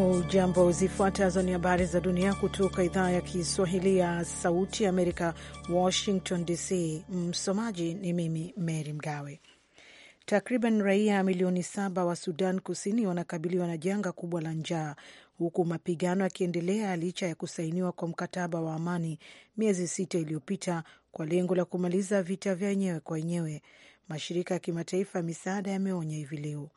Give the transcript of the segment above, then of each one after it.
Hujambo, zifuatazo ni habari za dunia kutoka idhaa ya Kiswahili ya Sauti Amerika, Washington DC. Msomaji ni mimi Mary Mgawe. Takriban raia milioni saba wa Sudan Kusini wanakabiliwa na janga kubwa la njaa huku mapigano yakiendelea licha ya kusainiwa kwa mkataba wa amani miezi sita iliyopita kwa lengo la kumaliza vita vya wenyewe kwa wenyewe. Mashirika ya kimataifa ya misaada yameonya hivi leo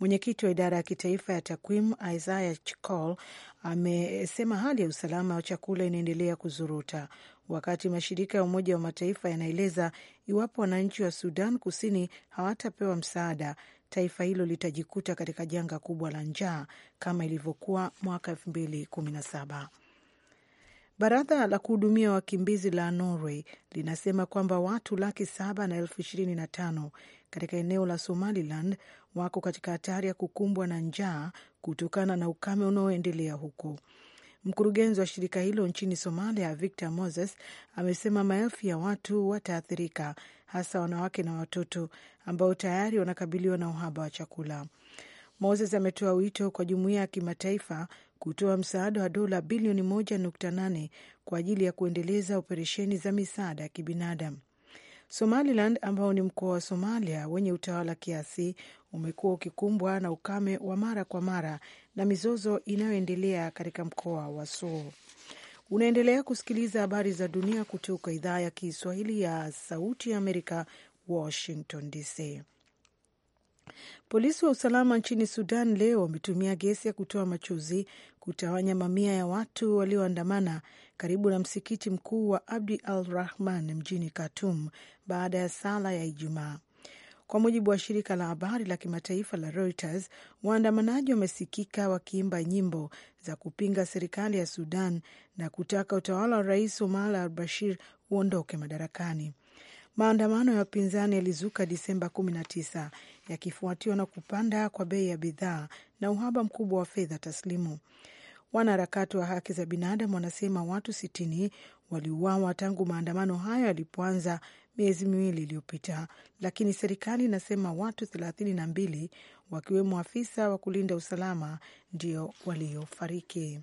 Mwenyekiti wa idara ya kitaifa ya takwimu Isaiah Chikol amesema hali ya usalama wa chakula inaendelea kuzuruta wakati mashirika ya Umoja wa Mataifa yanaeleza iwapo wananchi wa Sudan Kusini hawatapewa msaada, taifa hilo litajikuta katika janga kubwa la njaa kama ilivyokuwa mwaka 2017. Baraza la kuhudumia wakimbizi la Norway linasema kwamba watu laki saba na elfu ishirini na tano katika eneo la Somaliland wako katika hatari ya kukumbwa na njaa kutokana na ukame unaoendelea huko. Mkurugenzi wa shirika hilo nchini Somalia, Victor Moses, amesema maelfu ya watu wataathirika, hasa wanawake na watoto ambao tayari wanakabiliwa na uhaba wa chakula. Moses ametoa wito kwa jumuiya ya kimataifa kutoa msaada wa dola bilioni 1.8 kwa ajili ya kuendeleza operesheni za misaada ya kibinadamu. Somaliland ambao ni mkoa wa Somalia wenye utawala kiasi umekuwa ukikumbwa na ukame wa mara kwa mara na mizozo inayoendelea katika mkoa wa Sool. Unaendelea kusikiliza habari za dunia kutoka idhaa ya Kiswahili ya Sauti ya Amerika, Washington DC. Polisi wa usalama nchini Sudan leo wametumia gesi ya kutoa machozi kutawanya mamia ya watu walioandamana karibu na msikiti mkuu wa Abdi al Rahman mjini Khartum baada ya sala ya Ijumaa. Kwa mujibu wa shirika la habari la kimataifa la Reuters, waandamanaji wamesikika wakiimba nyimbo za kupinga serikali ya Sudan na kutaka utawala wa Rais Omar al Bashir uondoke madarakani. Maandamano ya wapinzani yalizuka Disemba 19 yakifuatiwa na kupanda kwa bei ya bidhaa na uhaba mkubwa wa fedha taslimu. Wanaharakati wa haki za binadamu wanasema watu sitini waliuawa tangu maandamano hayo yalipoanza miezi miwili iliyopita, lakini serikali inasema watu thelathini na mbili wakiwemo afisa wa kulinda usalama ndio waliofariki.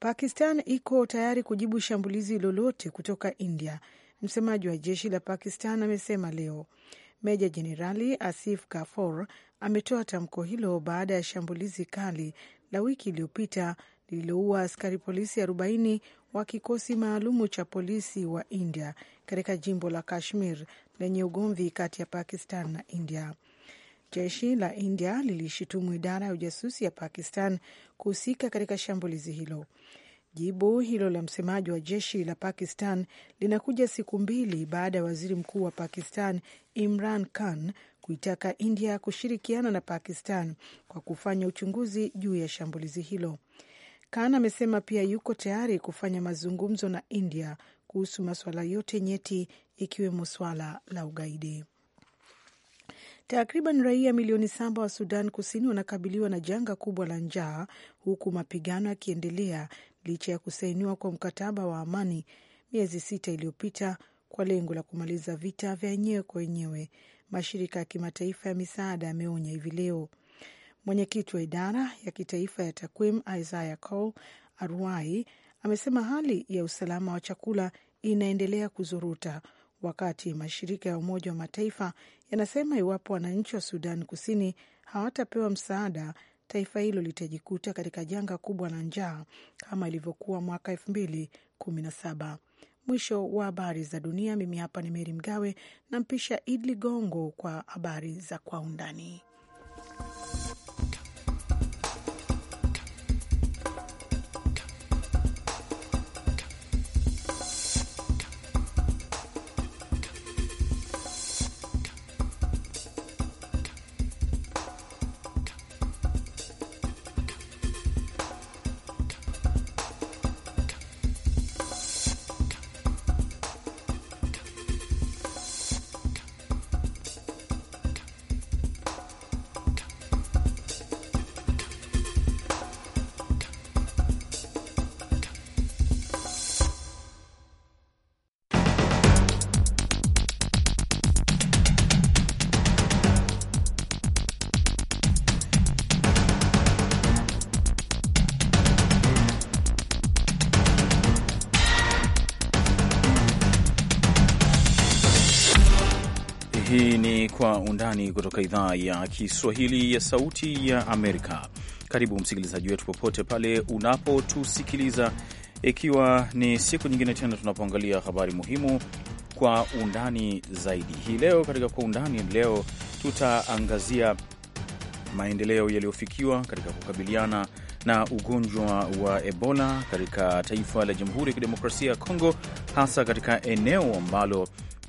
Pakistan iko tayari kujibu shambulizi lolote kutoka India msemaji wa jeshi la Pakistan amesema leo. Meja Jenerali Asif Gafor ametoa tamko hilo baada ya shambulizi kali la wiki iliyopita lililoua askari polisi 40 wa kikosi maalumu cha polisi wa India katika jimbo la Kashmir lenye ugomvi kati ya Pakistan na India. Jeshi la India lilishutumu idara ya ujasusi ya Pakistan kuhusika katika shambulizi hilo. Jibu hilo la msemaji wa jeshi la Pakistan linakuja siku mbili baada ya waziri mkuu wa Pakistan Imran Khan kuitaka India kushirikiana na Pakistan kwa kufanya uchunguzi juu ya shambulizi hilo. Khan amesema pia yuko tayari kufanya mazungumzo na India kuhusu masuala yote nyeti ikiwemo swala la ugaidi. Takriban raia milioni saba wa Sudan Kusini wanakabiliwa na janga kubwa la njaa huku mapigano yakiendelea licha ya kusainiwa kwa mkataba wa amani miezi sita iliyopita kwa lengo la kumaliza vita vya wenyewe kwa wenyewe, mashirika ya kimataifa ya misaada yameonya hivi leo. Mwenyekiti wa idara ya kitaifa ya takwimu Isaiah Cole Arwai amesema hali ya usalama wa chakula inaendelea kuzuruta wakati mashirika ya Umoja wa Mataifa yanasema iwapo wananchi wa Sudan Kusini hawatapewa msaada taifa hilo litajikuta katika janga kubwa la njaa kama ilivyokuwa mwaka elfu mbili kumi na saba. Mwisho wa habari za dunia. Mimi hapa ni Meri Mgawe, nampisha Idli Gongo kwa habari za kwa undani. kwa undani kutoka idhaa ya Kiswahili ya Sauti ya Amerika. Karibu msikilizaji wetu popote pale unapotusikiliza, ikiwa ni siku nyingine tena tunapoangalia habari muhimu kwa undani zaidi. Hii leo katika kwa undani leo tutaangazia maendeleo yaliyofikiwa katika kukabiliana na ugonjwa wa Ebola katika taifa la Jamhuri ya Kidemokrasia ya Kongo, hasa katika eneo ambalo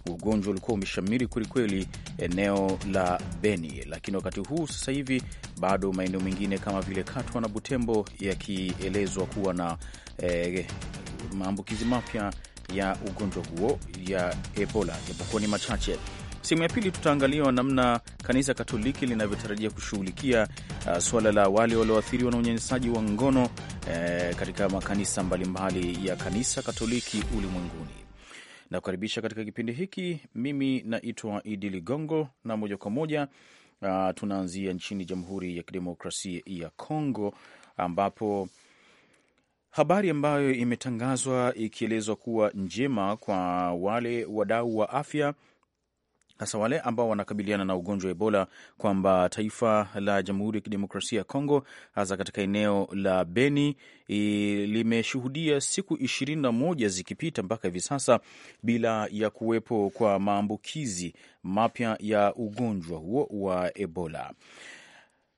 ugonjwa ulikuwa umeshamiri kwelikweli eneo la Beni, lakini wakati huu sasa hivi bado maeneo mengine kama vile Katwa na Butembo yakielezwa kuwa na eh, maambukizi mapya ya ugonjwa huo ya Ebola japokuwa ni machache. Sehemu ya pili tutaangalia namna kanisa Katoliki linavyotarajia kushughulikia uh, suala la wale walioathiriwa na unyanyasaji wa ngono eh, katika makanisa mbalimbali ya kanisa Katoliki ulimwenguni na kukaribisha katika kipindi hiki. Mimi naitwa Idi Ligongo na moja kwa moja uh, tunaanzia nchini Jamhuri ya Kidemokrasia ya Kongo ambapo habari ambayo imetangazwa ikielezwa kuwa njema kwa wale wadau wa afya hasa wale ambao wanakabiliana na ugonjwa wa Ebola kwamba taifa la Jamhuri ya Kidemokrasia ya Kongo hasa katika eneo la Beni limeshuhudia siku ishirini na moja zikipita mpaka hivi sasa bila ya kuwepo kwa maambukizi mapya ya ugonjwa huo wa Ebola.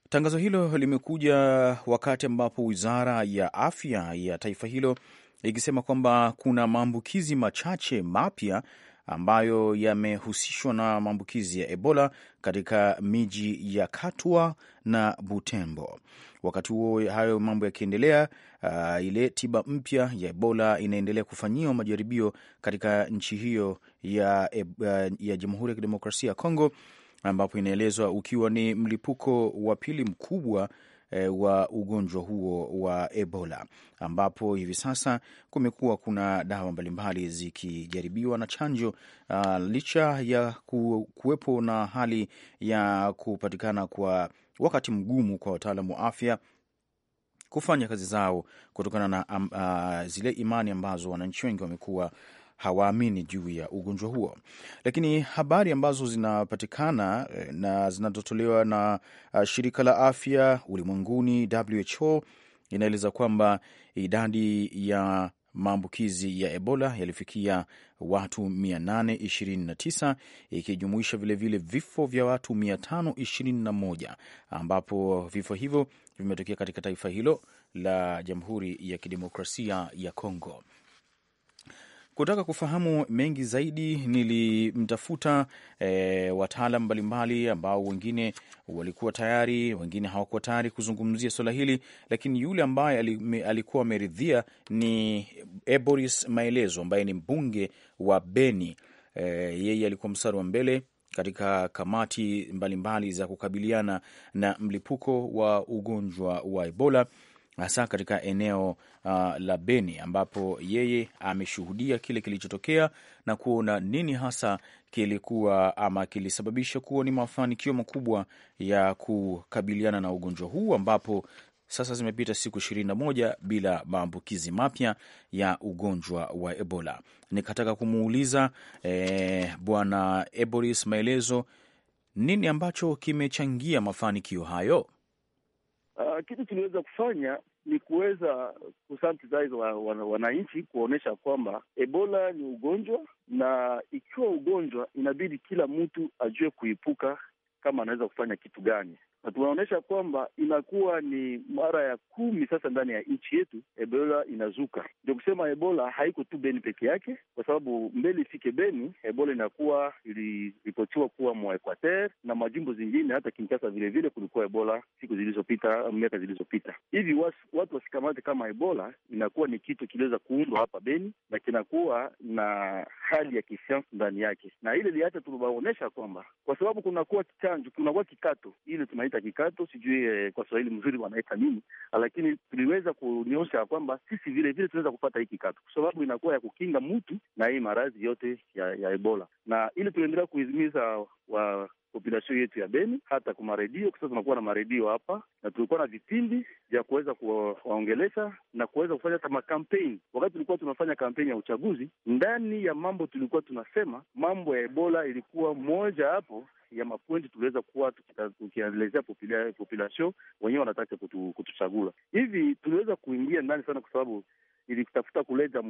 Tangazo hilo limekuja wakati ambapo wizara ya afya ya taifa hilo ikisema kwamba kuna maambukizi machache mapya ambayo yamehusishwa na maambukizi ya Ebola katika miji ya Katwa na Butembo. Wakati huo hayo mambo yakiendelea, uh, ile tiba mpya ya Ebola inaendelea kufanyiwa majaribio katika nchi hiyo ya, uh, ya Jamhuri ya Kidemokrasia ya Kongo ambapo inaelezwa ukiwa ni mlipuko wa pili mkubwa Eh, wa ugonjwa huo wa Ebola, ambapo hivi sasa kumekuwa kuna dawa mbalimbali zikijaribiwa na chanjo uh, licha ya ku, kuwepo na hali ya kupatikana kwa wakati mgumu kwa wataalamu wa afya kufanya kazi zao kutokana na um, uh, zile imani ambazo wananchi wengi wamekuwa hawaamini juu ya ugonjwa huo. Lakini habari ambazo zinapatikana eh, na zinazotolewa na ah, shirika la afya ulimwenguni WHO inaeleza kwamba idadi ya maambukizi ya Ebola yalifikia watu 829 ikijumuisha vilevile vifo vya watu 521 ambapo vifo hivyo vimetokea katika taifa hilo la Jamhuri ya Kidemokrasia ya Kongo. Kutaka kufahamu mengi zaidi nilimtafuta e, wataalam mbalimbali ambao wengine walikuwa tayari, wengine hawakuwa tayari kuzungumzia swala hili, lakini yule ambaye alikuwa ameridhia ni Eboris Maelezo ambaye ni mbunge wa Beni. E, yeye alikuwa mstari wa mbele katika kamati mbalimbali mbali za kukabiliana na mlipuko wa ugonjwa wa Ebola hasa katika eneo uh, la Beni ambapo yeye ameshuhudia kile kilichotokea na kuona nini hasa kilikuwa ama kilisababisha kuwa ni mafanikio makubwa ya kukabiliana na ugonjwa huu ambapo sasa zimepita siku ishirini na moja bila maambukizi mapya ya ugonjwa wa Ebola. Nikataka kumuuliza eh, Bwana Eboris maelezo nini ambacho kimechangia mafanikio hayo. Uh, kitu kiliweza kufanya ni kuweza kusensitize wa, wa, wananchi kuonyesha kwamba Ebola ni ugonjwa, na ikiwa ugonjwa inabidi kila mtu ajue kuipuka, kama anaweza kufanya kitu gani na tunaonyesha kwamba inakuwa ni mara ya kumi sasa ndani ya nchi yetu Ebola inazuka. Ndio kusema Ebola haiko tu Beni peke yake, kwa sababu mbele ifike Beni Ebola inakuwa iliripotiwa kuwa mwa Equateur na majimbo zingine, hata Kinshasa vilevile kulikuwa Ebola siku zilizopita, miaka zilizopita hivi. Watu, wasikamate kama Ebola inakuwa ni kitu kiliweza kuundwa hapa Beni na kinakuwa na hali ya kisayansi ndani yake, na ile liacha tuliwaonyesha kwamba kwa sababu kunakuwa kichanjo, kunakuwa kikato ile tunaita wanaita kikato, sijui eh, kwa Swahili mzuri wanaita nini, lakini tuliweza kunyosha ya kwamba sisi vile vile tunaweza kupata hii kikato, kwa sababu inakuwa ya kukinga mtu na hii maradhi yote ya, ya Ebola, na ili tuliendelea kuhimiza wa populasio yetu ya Beni, hata kwa maredio. Sasa tunakuwa na maredio hapa na tulikuwa na vipindi vya kuweza kuwaongelesha na kuweza kufanya hata makampeni. Wakati tulikuwa tunafanya kampeni ya uchaguzi, ndani ya mambo tulikuwa tunasema, mambo ya Ebola ilikuwa moja hapo ya mapointi tuliweza kuwa tukielezea population wenyewe wanataka kutu, kutuchagula hivi. Tuliweza kuingia ndani sana, kwa sababu ili kutafuta kuleta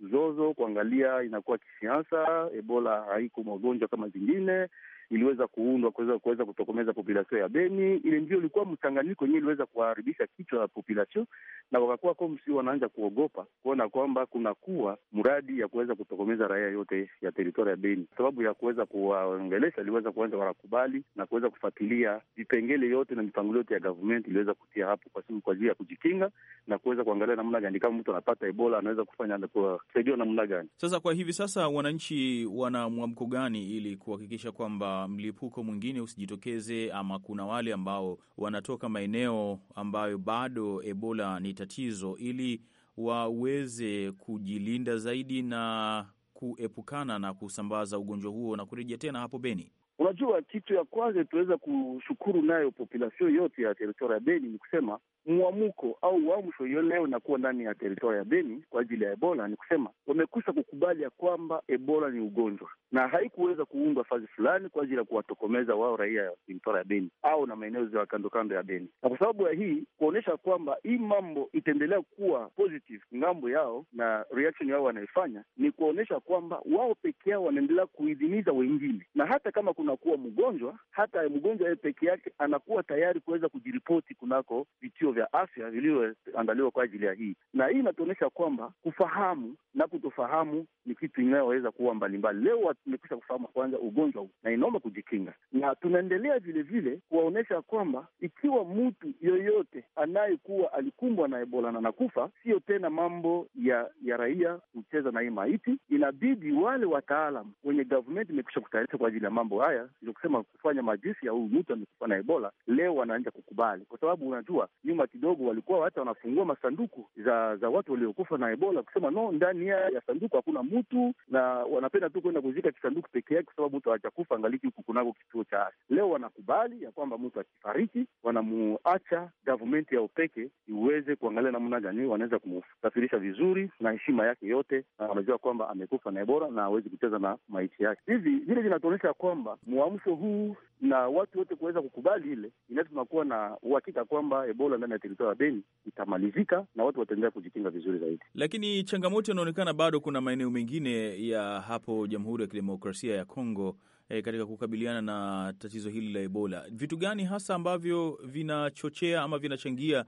mzozo, kuangalia inakuwa kisiasa. Ebola haiko magonjwa kama zingine iliweza kuundwa kuweza kutokomeza populasio ya Beni. Ile ndio ilikuwa mchanganyiko wenyewe iliweza kuharibisha kichwa ya populasio, na wakakuwa komsi wanaanza kuogopa kuona kwamba kunakuwa mradi ya kuweza kutokomeza raia yote ya teritoria ya Beni. Sababu ya kuweza kuwaongelesha iliweza kuanza wanakubali na kuweza kufuatilia vipengele yote na mipango yote ya government iliweza kutia hapo kwa kwa ajili ya kujikinga na kuweza kuangalia namna gani kama mtu anapata Ebola anaweza kufanya kusaidiwa namna gani. Sasa kwa hivi sasa wananchi wana mwamko gani ili kuhakikisha kwamba mlipuko mwingine usijitokeze, ama kuna wale ambao wanatoka maeneo ambayo bado Ebola ni tatizo, ili waweze kujilinda zaidi na kuepukana na kusambaza ugonjwa huo na kurejea tena hapo Beni. Unajua, kitu ya kwanza tunaweza kushukuru nayo populasion yote ya teritoria ya Beni ni kusema mwamko au uamsho hiyo leo inakuwa ndani ya teritoria ya Beni kwa ajili ya Ebola ni kusema wamekwisha kukubali ya kwamba Ebola ni ugonjwa na haikuweza kuundwa fazi fulani kwa ajili ya kuwatokomeza wao raia ya teritoria ya Beni au na maeneo ya kando kando ya Beni, na kwa sababu ya hii kuonyesha kwamba hii mambo itaendelea kuwa positive ngambo yao na reaction yao wanaifanya ni kuonyesha kwamba wao peke yao wanaendelea kuidhinisha wengine, na hata kama kunakuwa mgonjwa, hata mgonjwa yeye peke yake anakuwa tayari kuweza kujiripoti kunako vituo vya afya vilivyoandaliwa kwa ajili ya hii, na hii inatuonyesha kwamba kufahamu na kutofahamu ni kitu inayoweza kuwa mbalimbali. Leo tumekwisha kufahamu kwanza ugonjwa huu na inaomba kujikinga, na tunaendelea vilevile kuwaonyesha kwamba ikiwa mtu yoyote anayekuwa alikumbwa na Ebola na nakufa, siyo tena mambo ya ya raia kucheza na hii maiti, inabidi wale wataalam wenye gavumenti imekwisha kutayarisha kwa ajili ya mambo haya, ndio kusema kufanya majisi ya huyu mtu amekufa na Ebola, leo wanaanja kukubali, kwa sababu unajua nyuma kidogo walikuwa hata wanafungua masanduku za za watu waliokufa na Ebola, kusema no, ndani ya sanduku hakuna mtu, na wanapenda tu kwenda kuzika kisanduku peke yake, kwa sababu mtu hajakufa angaliki huku kunako kituo cha afya. Leo wanakubali ya kwamba mtu akifariki, wanamuacha gavumenti ya upeke iweze kuangalia namna gani wanaweza kumsafirisha vizuri na heshima yake yote, na wanajua kwamba amekufa na Ebola na hawezi kucheza na maisha yake. Hivi vile vinatuonyesha kwamba mwamsho huu na watu wote kuweza kukubali ile inaweza, tunakuwa na uhakika kwamba Ebola ndani ya teritoria ya Beni itamalizika na watu wataendelea kujikinga vizuri zaidi. Lakini changamoto inaonekana bado kuna maeneo mengine ya hapo Jamhuri ya Kidemokrasia ya Kongo eh, katika kukabiliana na tatizo hili la Ebola. Vitu gani hasa ambavyo vinachochea ama vinachangia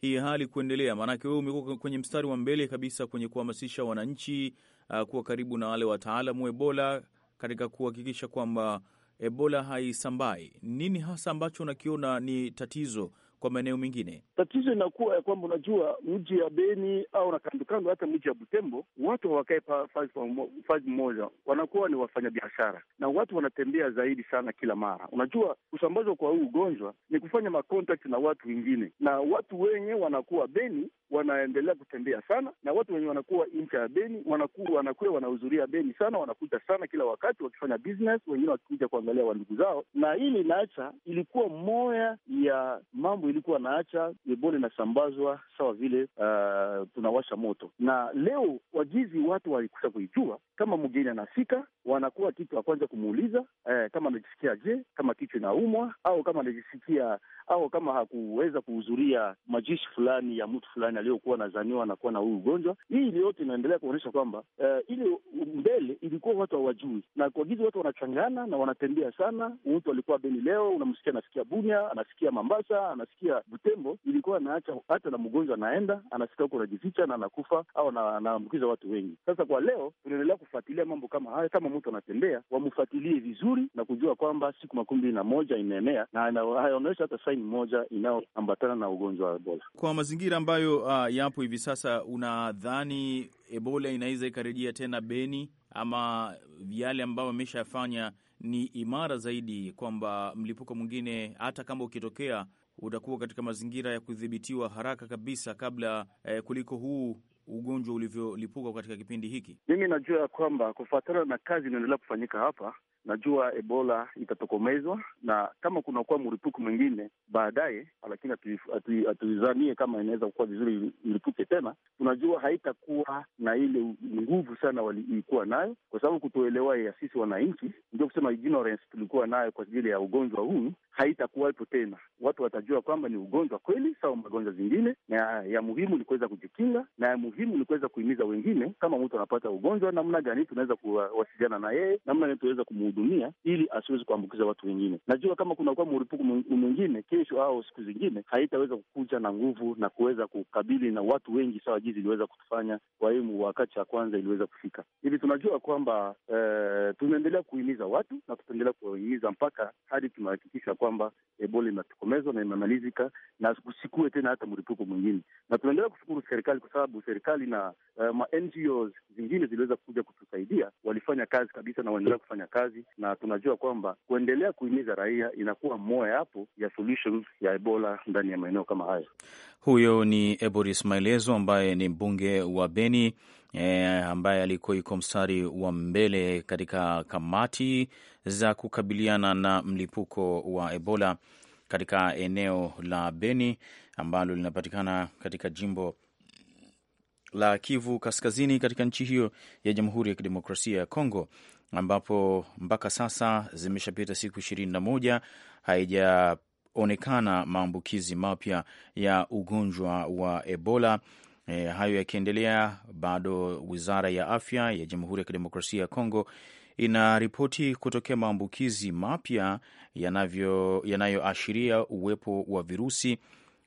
hii hali kuendelea? Maanake wewe umekuwa kwenye mstari wa mbele kabisa kwenye kuhamasisha wananchi uh, kuwa karibu na wale wataalamu Ebola katika kuhakikisha kwamba Ebola haisambai. Nini hasa ambacho unakiona ni tatizo kwa maeneo mengine? Tatizo inakuwa ya kwamba unajua, mji ya Beni au na kando, hata mji ya Butembo, watu hawakae fazi mmoja, wanakuwa ni wafanyabiashara na watu wanatembea zaidi sana kila mara. Unajua, kusambazwa kwa huu ugonjwa ni kufanya makontakti na watu wengine, na watu wenye wanakuwa Beni wanaendelea kutembea sana, na watu wenye wanakuwa ncha ya Beni wanakuwa wanakuwa wanahudhuria Beni sana, wanakuja sana kila wakati wakifanya business, wengine wakikuja kuangalia wandugu zao, na hili naacha ilikuwa moya ya mambo ilikuwa naacha ebola inasambazwa sawa vile uh, tunawasha moto. Na leo wajizi watu walikusha kuijua kama mgeni anafika wanakuwa kitu ya kwanza kumuuliza eh, kama amejisikia je, kama kichwa inaumwa au kama amejisikia au kama hakuweza kuhudhuria majishi fulani ya mtu fulani aliyokuwa nazaniwa anakuwa na huu ugonjwa. Hii iliyote inaendelea kuonyesha kwamba eh, ile mbele ilikuwa watu hawajui, na kuagizi watu wanachangana na wanatembea sana. Mtu alikuwa Beni leo unamsikia anasikia Bunya, anasikia Mambasa, anasikia Butembo, ilikuwa anaacha hata na mgonjwa anaenda anasikia huko anajificha na anakufa au anaambukiza watu wengi. Sasa kwa leo tunaendelea kufuatilia mambo kama haya kama mtu anatembea wamfuatilie vizuri na kujua kwamba siku makumi mbili na moja imeenea na hayaonyesha hata saini moja inayoambatana na ugonjwa wa Ebola. Kwa mazingira ambayo uh, yapo hivi sasa, unadhani Ebola inaweza ikarejea tena Beni ama yale ambayo ameshafanya ni imara zaidi, kwamba mlipuko mwingine hata kama ukitokea utakuwa katika mazingira ya kudhibitiwa haraka kabisa kabla eh, kuliko huu ugonjwa ulivyolipuka katika kipindi hiki? Mimi najua ya kwamba kufuatana na kazi inaendelea kufanyika hapa najua Ebola itatokomezwa na kama kunakuwa mripuku mwingine baadaye, lakini hatuizanie kama inaweza kuwa vizuri mripuke tena. Tunajua haitakuwa na ile nguvu sana walikuwa nayo, kwa sababu kutoelewa ya sisi wananchi, ndio kusema ignorance tulikuwa nayo kwa ajili ya ugonjwa huu haitakuwapo tena. Watu watajua kwamba ni ugonjwa kweli sawa magonjwa zingine, na ya muhimu ni kuweza kujikinga, na ya muhimu ni kuweza kuimiza wengine, kama mtu anapata ugonjwa namna gani tunaweza kuwasiliana na yeye, namna gani tunaweza kumu kumhudumia ili asiwezi kuambukiza watu wengine. Najua kama kunakuwa mripuku mwingine kesho au siku zingine, haitaweza kukuja na nguvu na kuweza kukabili na watu wengi sawa jizi iliweza kutufanya kwa waimu wakati ya kwanza iliweza kufika hivi. Tunajua kwamba e, eh, tunaendelea kuhimiza watu na tutaendelea kuwahimiza mpaka hadi tunahakikisha kwamba Ebola imatokomezwa na imemalizika na usikue tena hata mripuku mwingine, na tunaendelea kushukuru serikali kwa sababu serikali na e, eh, ma NGOs zingine ziliweza kuja kutusaidia kazi kabisa na waendelea kufanya kazi, na tunajua kwamba kuendelea kuhimiza raia inakuwa moja hapo ya ya Ebola ndani ya maeneo kama hayo. Huyo ni Eboris Maelezo ambaye ni mbunge wa Beni e, ambaye alikuwa yuko mstari wa mbele katika kamati za kukabiliana na mlipuko wa Ebola katika eneo la Beni ambalo linapatikana katika jimbo la Kivu Kaskazini katika nchi hiyo ya Jamhuri ya Kidemokrasia ya Kongo, ambapo mpaka sasa zimeshapita siku ishirini na moja haijaonekana maambukizi mapya ya ugonjwa wa Ebola. E, hayo yakiendelea, bado wizara ya afya ya Jamhuri ya Kidemokrasia ya Kongo ina ripoti kutokea maambukizi mapya yanayoashiria uwepo wa virusi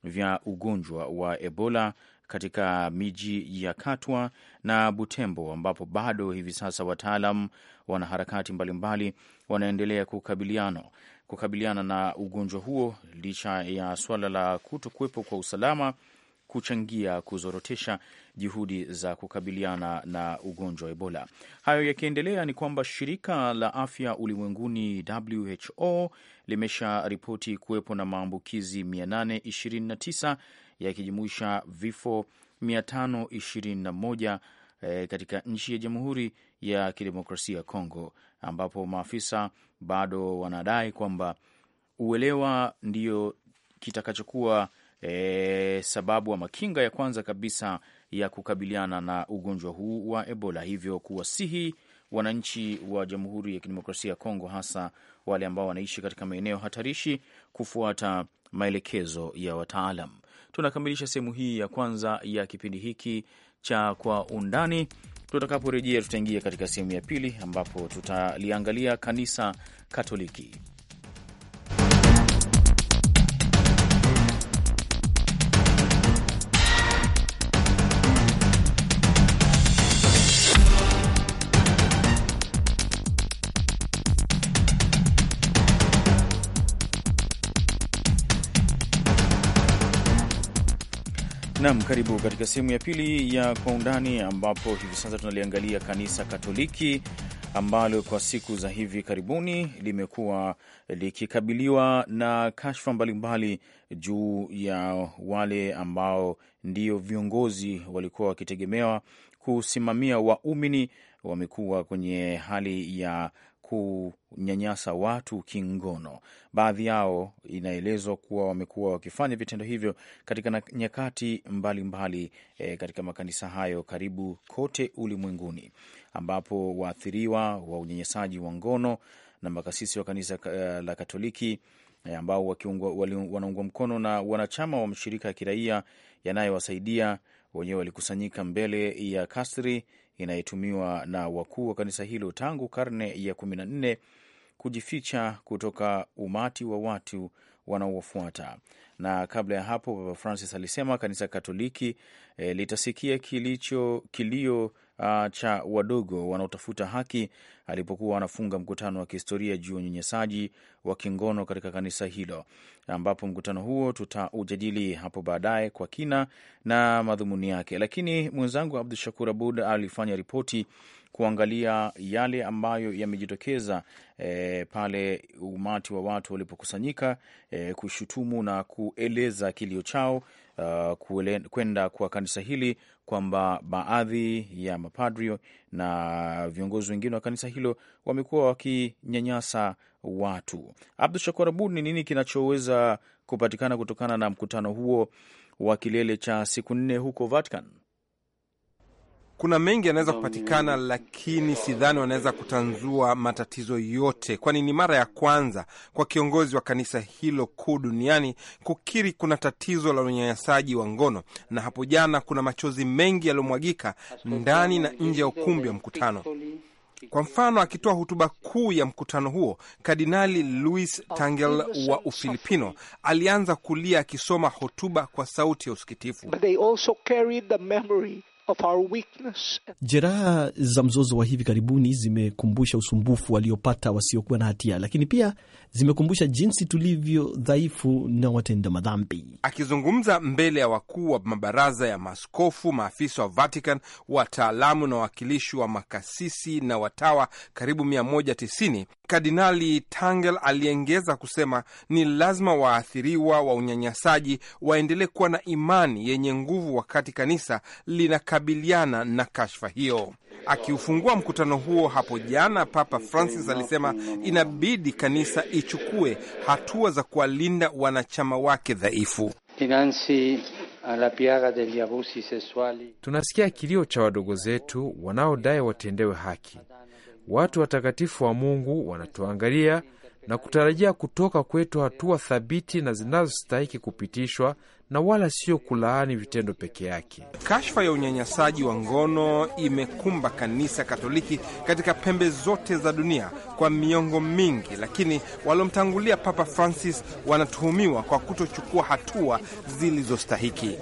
vya ugonjwa wa Ebola katika miji ya Katwa na Butembo, ambapo bado hivi sasa wataalam, wanaharakati mbalimbali wanaendelea kukabiliana kukabiliana na ugonjwa huo, licha ya swala la kuto kuwepo kwa usalama kuchangia kuzorotesha juhudi za kukabiliana na ugonjwa wa Ebola. Hayo yakiendelea, ni kwamba shirika la afya ulimwenguni WHO limesha ripoti kuwepo na maambukizi 829 yakijumuisha vifo 521 eh, katika nchi ya Jamhuri ya Kidemokrasia ya Kongo, ambapo maafisa bado wanadai kwamba uelewa ndiyo kitakachokuwa e, sababu ama kinga ya kwanza kabisa ya kukabiliana na ugonjwa huu wa Ebola, hivyo kuwasihi wananchi wa Jamhuri ya Kidemokrasia ya Kongo, hasa wale ambao wanaishi katika maeneo hatarishi, kufuata maelekezo ya wataalam tunakamilisha sehemu hii ya kwanza ya kipindi hiki cha Kwa Undani. Tutakaporejea tutaingia katika sehemu ya pili ambapo tutaliangalia kanisa Katoliki. Nam, karibu katika sehemu ya pili ya Kwa Undani, ambapo hivi sasa tunaliangalia kanisa Katoliki ambalo kwa siku za hivi karibuni limekuwa likikabiliwa na kashfa mbalimbali juu ya wale ambao ndio viongozi walikuwa wakitegemewa kusimamia waumini, wamekuwa kwenye hali ya kunyanyasa watu kingono. Baadhi yao inaelezwa kuwa wamekuwa wakifanya vitendo hivyo katika nyakati mbalimbali mbali, eh, e, katika makanisa hayo karibu kote ulimwenguni, ambapo waathiriwa wa unyanyasaji wa ngono na makasisi wa kanisa eh, la Katoliki e, ambao wanaungwa mkono na wanachama wa mashirika ya kiraia yanayowasaidia wenyewe walikusanyika mbele ya kasri inayotumiwa na wakuu wa kanisa hilo tangu karne ya 14 kujificha kutoka umati wa watu wanaowafuata. Na kabla ya hapo, Papa Francis alisema kanisa Katoliki e, litasikia kilicho kilio uh, cha wadogo wanaotafuta haki alipokuwa anafunga mkutano wa kihistoria juu ya unyanyasaji wa kingono katika kanisa hilo, ambapo mkutano huo tutaujadili hapo baadaye kwa kina na madhumuni yake. Lakini mwenzangu Abdu Shakur Abud alifanya ripoti kuangalia yale ambayo yamejitokeza e, pale umati wa watu walipokusanyika e, kushutumu na kueleza kilio chao Uh, kwenda kwa kanisa hili kwamba baadhi ya mapadri na viongozi wengine wa kanisa hilo wamekuwa wakinyanyasa watu. Abdu Shakur Abud, ni nini kinachoweza kupatikana kutokana na mkutano huo wa kilele cha siku nne huko Vatican? kuna mengi yanaweza kupatikana, lakini sidhani wanaweza kutanzua matatizo yote, kwani ni mara ya kwanza kwa kiongozi wa kanisa hilo kuu duniani kukiri kuna tatizo la unyanyasaji wa ngono. Na hapo jana kuna machozi mengi yaliyomwagika ndani na nje ya ukumbi wa mkutano. Kwa mfano, akitoa hotuba kuu ya mkutano huo, Kardinali Luis Tangel wa Ufilipino alianza kulia akisoma hotuba kwa sauti ya usikitifu of our weakness. Jeraha za mzozo wa hivi karibuni zimekumbusha usumbufu waliopata wasiokuwa na hatia, lakini pia zimekumbusha jinsi tulivyo dhaifu na watenda madhambi. Akizungumza mbele ya wakuu wa mabaraza ya maskofu maafisa wa Vatican, wataalamu na wawakilishi wa makasisi na watawa karibu 190, Kardinali Tangel aliengeza kusema ni lazima waathiriwa wa unyanyasaji waendelee kuwa na imani yenye nguvu wakati kanisa lina kukabiliana na kashfa hiyo. Akiufungua mkutano huo hapo jana, Papa Francis alisema inabidi kanisa ichukue hatua za kuwalinda wanachama wake dhaifu. Uh, Tunasikia kilio cha wadogo zetu wanaodai watendewe haki. Watu watakatifu wa Mungu wanatuangalia na kutarajia kutoka kwetu hatua thabiti na zinazostahiki kupitishwa na wala sio kulaani vitendo peke yake. Kashfa ya unyanyasaji wa ngono imekumba kanisa Katoliki katika pembe zote za dunia kwa miongo mingi, lakini waliomtangulia Papa Francis wanatuhumiwa kwa kutochukua hatua zilizostahiki.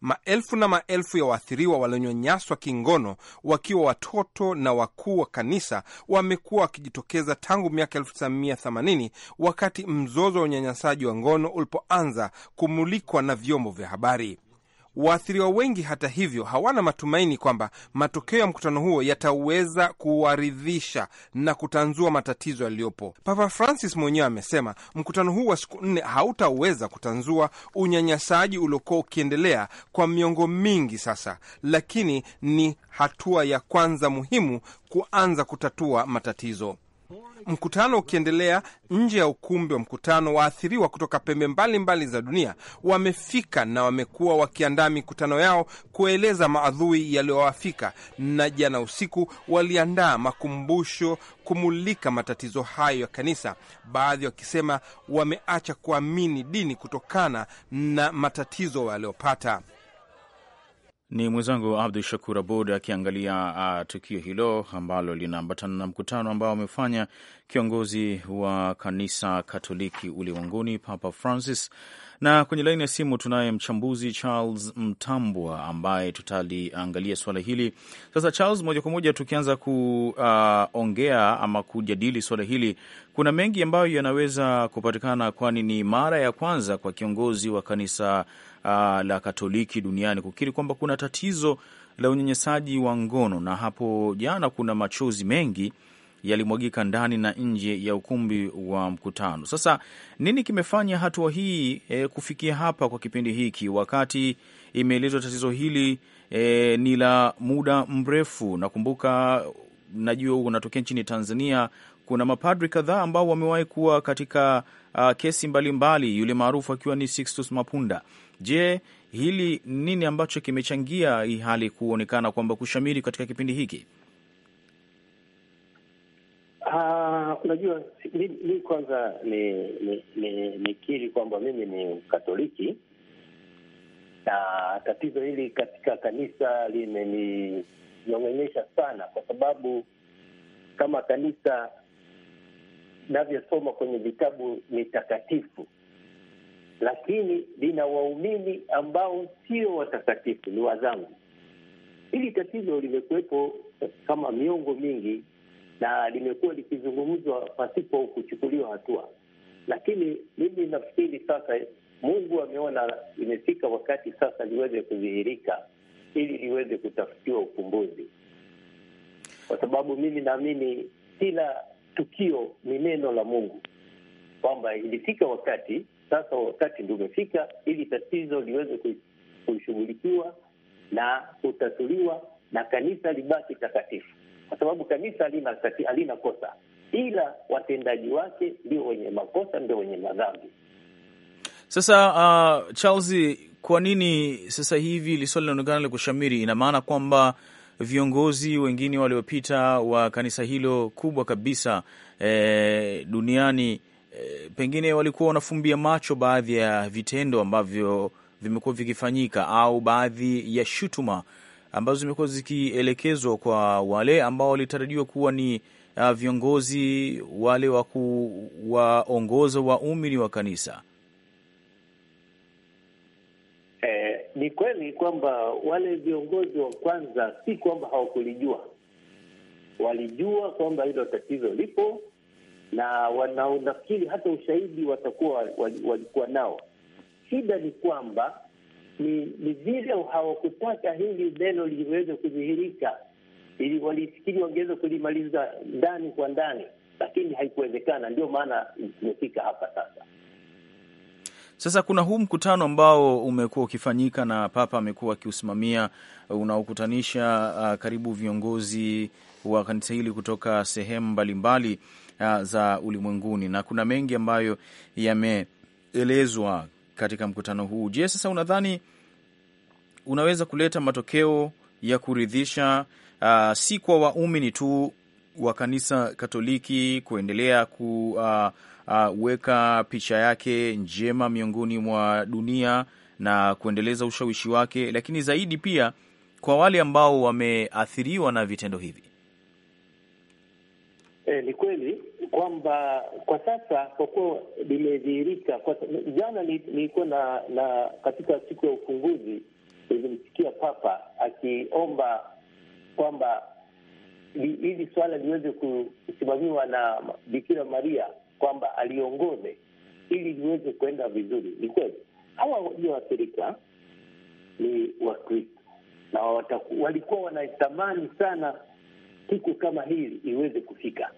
Maelfu na maelfu ya waathiriwa walionyanyaswa kingono wakiwa watoto na wakuu wa kanisa wamekuwa wakijitokeza tangu miaka 1980 wakati mzozo wa unyanyasaji wa ngono ulipoanza kumulikwa na vyombo vya habari. Waathiriwa wengi hata hivyo hawana matumaini kwamba matokeo ya mkutano huo yataweza kuwaridhisha na kutanzua matatizo yaliyopo. Papa Francis mwenyewe amesema mkutano huu wa siku nne hautaweza kutanzua unyanyasaji uliokuwa ukiendelea kwa miongo mingi sasa, lakini ni hatua ya kwanza muhimu kuanza kutatua matatizo. Mkutano ukiendelea nje ya ukumbi wa mkutano, waathiriwa kutoka pembe mbalimbali mbali za dunia wamefika na wamekuwa wakiandaa mikutano yao kueleza maadhui yaliyowafika, na jana usiku waliandaa makumbusho kumulika matatizo hayo ya kanisa, baadhi wakisema wameacha kuamini dini kutokana na matatizo waliopata ni mwenzangu Abdu Shakur Abud akiangalia uh, tukio hilo ambalo linaambatana na mkutano ambao amefanya kiongozi wa kanisa Katoliki ulimwenguni Papa Francis. Na kwenye laini ya simu tunaye mchambuzi Charles Mtambwa ambaye tutaliangalia suala hili sasa. Charles, moja kwa moja tukianza kuongea uh, ama kujadili suala hili, kuna mengi ambayo yanaweza kupatikana, kwani ni mara ya kwanza kwa kiongozi wa kanisa la Katoliki duniani kukiri kwamba kuna tatizo la unyanyasaji wa ngono, na hapo jana kuna machozi mengi yalimwagika ndani na nje ya ukumbi wa mkutano. Sasa nini kimefanya hatua hii e, kufikia hapa kwa kipindi hiki, wakati imeelezwa tatizo hili e, ni la muda mrefu? Nakumbuka, najua unatokea nchini Tanzania, kuna mapadri kadhaa ambao wamewahi kuwa katika a, kesi mbalimbali mbali, yule maarufu akiwa ni Sixtus Mapunda Je, hili nini ambacho kimechangia hii hali kuonekana kwamba kushamiri katika kipindi hiki? Ah, unajua, uh, mi kwanza nikiri ni, ni, ni kwamba mimi ni katoliki na tatizo hili katika kanisa limeninyong'onyesha sana, kwa sababu kama kanisa navyosoma kwenye vitabu ni takatifu lakini lina waumini ambao sio watakatifu, ni wazangu Hili tatizo limekuwepo kama miongo mingi na limekuwa likizungumzwa pasipo kuchukuliwa hatua, lakini mimi nafikiri sasa Mungu ameona imefika wakati sasa liweze kudhihirika ili liweze kutafutiwa ufumbuzi, kwa sababu mimi naamini kila tukio ni neno la Mungu, kwamba ilifika wakati sasa wakati ndio umefika ili tatizo liweze kushughulikiwa na kutatuliwa na kanisa libaki takatifu, kwa sababu kanisa halina halina kosa, ila watendaji wake ndio wenye makosa, ndio wenye madhambi. Sasa uh, Charles, kwa nini sasa hivi ili linaonekana la kushamiri? Ina maana kwamba viongozi wengine waliopita wa kanisa hilo kubwa kabisa eh, duniani Eh, pengine walikuwa wanafumbia macho baadhi ya vitendo ambavyo vimekuwa vikifanyika au baadhi ya shutuma ambazo zimekuwa zikielekezwa kwa wale ambao walitarajiwa kuwa ni uh, viongozi wale wa kuwaongoza waumini wa kanisa. Eh, ni kweli kwamba wale viongozi wa kwanza si kwamba hawakulijua, walijua kwamba hilo tatizo lipo na wanaonafikiri hata ushahidi watakuwa walikuwa nao. Shida ni kwamba ni ni vile hawakutaka hili neno liweze kudhihirika, ili walifikiri wangeweza kulimaliza ndani kwa ndani, lakini haikuwezekana. Ndio maana imefika hapa sasa. Sasa kuna huu mkutano ambao umekuwa ukifanyika na Papa amekuwa akiusimamia uh, unaokutanisha uh, karibu viongozi wa kanisa hili kutoka sehemu mbalimbali mbali uh, za ulimwenguni, na kuna mengi ambayo yameelezwa katika mkutano huu. Je, sasa unadhani unaweza kuleta matokeo ya kuridhisha, uh, si kwa waumini tu wa kanisa Katoliki kuendelea kuweka ah, ah, uh, uh, picha yake njema miongoni mwa dunia na kuendeleza ushawishi wake, lakini zaidi pia kwa wale ambao wameathiriwa na vitendo hivi? E, ni kweli kwamba kwa sasa kwa kuwa limedhihirika jana, nilikuwa na na katika siku ya ufunguzi ilimsikia Papa akiomba kwamba hili swala liweze kusimamiwa na Bikira Maria kwamba aliongoze ili liweze kuenda vizuri. Ni kweli hawa walio waathirika ni Wakristo na wataku, walikuwa wanatamani sana siku kama hili iweze kufika.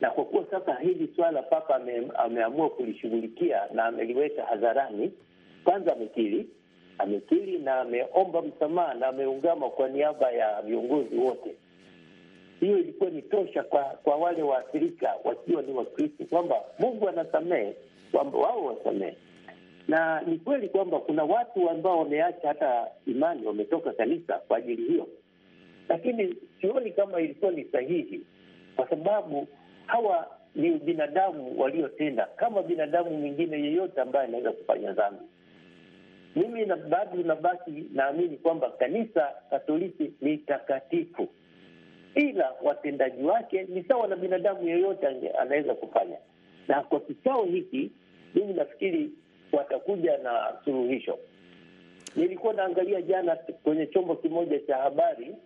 Na kwa kuwa sasa hili swala Papa ame, ameamua kulishughulikia na ameliweka hadharani, kwanza amekiri amekiri na ameomba msamaha na ameungama kwa niaba ya viongozi wote. Hiyo ilikuwa ni tosha kwa kwa wale waathirika wakiwa ni Wakristo, kwamba Mungu anasamehe, kwamba wao wasamehe. Na ni kweli kwamba kuna watu ambao wameacha hata imani, wametoka kanisa kwa ajili hiyo, lakini sioni kama ilikuwa ni sahihi, kwa sababu hawa ni binadamu waliotenda kama binadamu mwingine yeyote ambaye anaweza kufanya dhambi. Mimi na bado nabaki naamini kwamba kanisa Katoliki ni takatifu, ila watendaji wake ni sawa na binadamu yeyote anaweza kufanya. Na kwa kikao hiki, mimi nafikiri watakuja na suluhisho. Nilikuwa naangalia jana kwenye chombo kimoja cha habari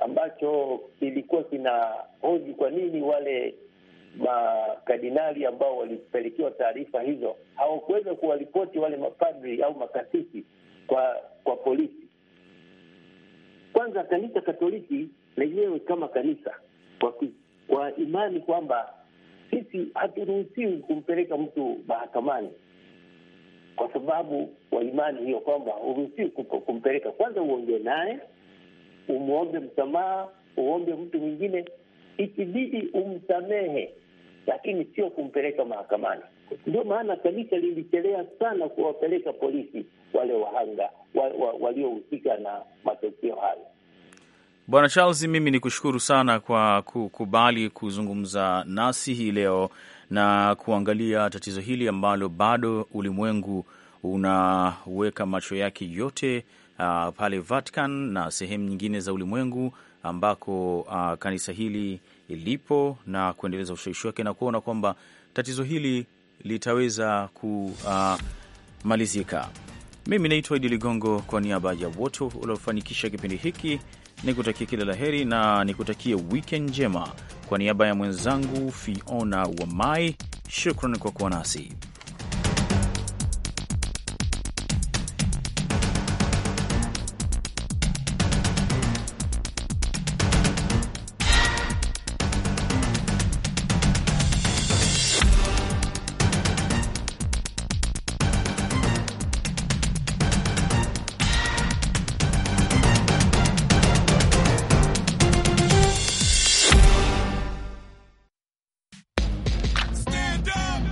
ambacho kilikuwa kina hoji kwa nini wale makadinali ambao walipelekewa taarifa hizo hawakuweza kuwaripoti wale mapadri au makasisi kwa kwa polisi. Kwanza, kanisa Katoliki lenyewe kama kanisa kwa, kwa imani kwamba sisi haturuhusiwi kumpeleka mtu mahakamani kwa sababu wa imani hiyo kwamba huruhusiwi kumpeleka, kwanza uongee naye umwombe msamaha, uombe mtu mwingine, ikibidi umsamehe, lakini sio kumpeleka mahakamani. Ndio maana kanisa lilichelea sana kuwapeleka polisi wale wahanga waliohusika wa, waliohusika na matukio hayo. Bwana Charles, mimi ni kushukuru sana kwa kukubali kuzungumza nasi hii leo na kuangalia tatizo hili ambalo bado ulimwengu unaweka macho yake yote uh, pale Vatican na sehemu nyingine za ulimwengu ambako uh, kanisa hili lipo na kuendeleza ushawishi wake na kuona kwamba tatizo hili litaweza kumalizika. Ah, uh, mimi naitwa Idi Ligongo, kwa niaba ya wote waliofanikisha kipindi hiki ni kutakia kila la heri na nikutakie wikendi njema. Kwa niaba ya mwenzangu Fiona Wamai, shukran kwa kuwa nasi.